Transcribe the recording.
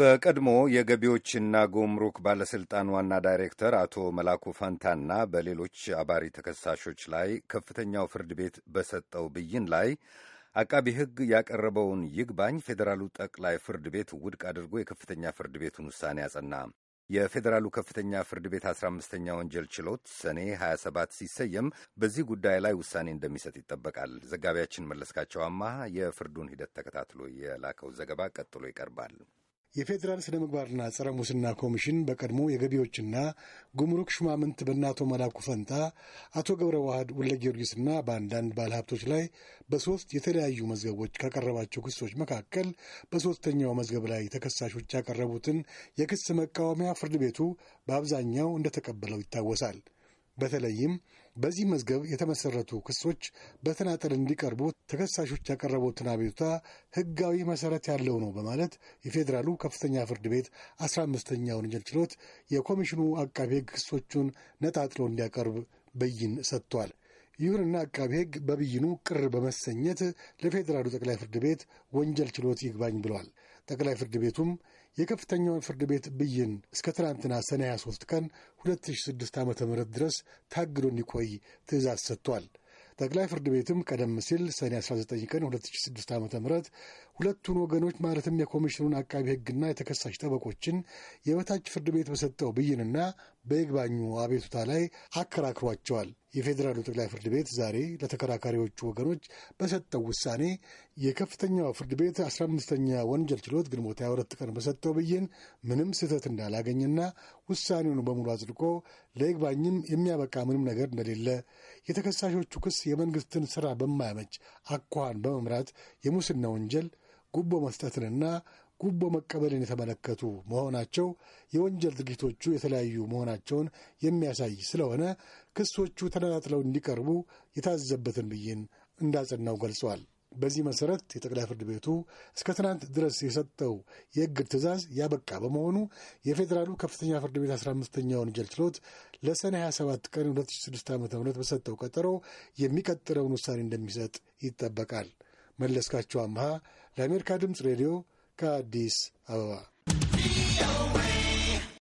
በቀድሞ የገቢዎችና ጉምሩክ ባለሥልጣን ዋና ዳይሬክተር አቶ መላኩ ፈንታና በሌሎች አባሪ ተከሳሾች ላይ ከፍተኛው ፍርድ ቤት በሰጠው ብይን ላይ አቃቢ ሕግ ያቀረበውን ይግባኝ ፌዴራሉ ጠቅላይ ፍርድ ቤት ውድቅ አድርጎ የከፍተኛ ፍርድ ቤቱን ውሳኔ አጸና። የፌዴራሉ ከፍተኛ ፍርድ ቤት 15ኛ ወንጀል ችሎት ሰኔ 27 ሲሰየም በዚህ ጉዳይ ላይ ውሳኔ እንደሚሰጥ ይጠበቃል። ዘጋቢያችን መለስካቸው አማሃ የፍርዱን ሂደት ተከታትሎ የላከው ዘገባ ቀጥሎ ይቀርባል። የፌዴራል ስነ ምግባርና ጸረ ሙስና ኮሚሽን በቀድሞ የገቢዎችና ጉምሩክ ሹማምንት በእነ አቶ መላኩ ፈንታ አቶ ገብረ ዋህድ ጊዮርጊስ ጊዮርጊስና በአንዳንድ ባለሀብቶች ላይ በሶስት የተለያዩ መዝገቦች ካቀረባቸው ክሶች መካከል በሶስተኛው መዝገብ ላይ ተከሳሾች ያቀረቡትን የክስ መቃወሚያ ፍርድ ቤቱ በአብዛኛው እንደተቀበለው ይታወሳል። በተለይም በዚህ መዝገብ የተመሰረቱ ክሶች በተናጠል እንዲቀርቡ ተከሳሾች ያቀረቡትን አቤቱታ ሕጋዊ መሰረት ያለው ነው በማለት የፌዴራሉ ከፍተኛ ፍርድ ቤት አስራ አምስተኛ ወንጀል ችሎት የኮሚሽኑ አቃቤ ሕግ ክሶቹን ነጣጥሎ እንዲያቀርብ ብይን ሰጥቷል። ይሁንና አቃቢ ሕግ በብይኑ ቅር በመሰኘት ለፌዴራሉ ጠቅላይ ፍርድ ቤት ወንጀል ችሎት ይግባኝ ብሏል። ጠቅላይ ፍርድ ቤቱም የከፍተኛውን ፍርድ ቤት ብይን እስከ ትናንትና ሰኔ 23 ቀን 2006 ዓ ም ድረስ ታግዶ እንዲቆይ ትእዛዝ ሰጥቷል። ጠቅላይ ፍርድ ቤትም ቀደም ሲል ሰኔ 19 ቀን 2006 ዓ ም ሁለቱን ወገኖች ማለትም የኮሚሽኑን አቃቢ ሕግና የተከሳሽ ጠበቆችን የበታች ፍርድ ቤት በሰጠው ብይንና በይግባኙ አቤቱታ ላይ አከራክሯቸዋል። የፌዴራሉ ጠቅላይ ፍርድ ቤት ዛሬ ለተከራካሪዎቹ ወገኖች በሰጠው ውሳኔ የከፍተኛው ፍርድ ቤት 15ኛ ወንጀል ችሎት ግንቦት 22 ቀን በሰጠው ብይን ምንም ስህተት እንዳላገኝና ውሳኔውን በሙሉ አጽድቆ ለይግባኝም የሚያበቃ ምንም ነገር እንደሌለ የተከሳሾቹ ክስ የመንግስትን ስራ በማያመች አኳኋን በመምራት የሙስና ወንጀል ጉቦ መስጠትንና ጉቦ መቀበልን የተመለከቱ መሆናቸው የወንጀል ድርጊቶቹ የተለያዩ መሆናቸውን የሚያሳይ ስለሆነ ክሶቹ ተነጣጥለው እንዲቀርቡ የታዘበትን ብይን እንዳጸናው ገልጿል። በዚህ መሰረት የጠቅላይ ፍርድ ቤቱ እስከ ትናንት ድረስ የሰጠው የእግድ ትዕዛዝ ያበቃ በመሆኑ የፌዴራሉ ከፍተኛ ፍርድ ቤት 15ኛ ወንጀል ችሎት ለሰኔ 27 ቀን 2006 ዓ ም በሰጠው ቀጠሮ የሚቀጥለውን ውሳኔ እንደሚሰጥ ይጠበቃል። መለስካቸው አምሃ ለአሜሪካ ድምፅ ሬዲዮ ከአዲስ አበባ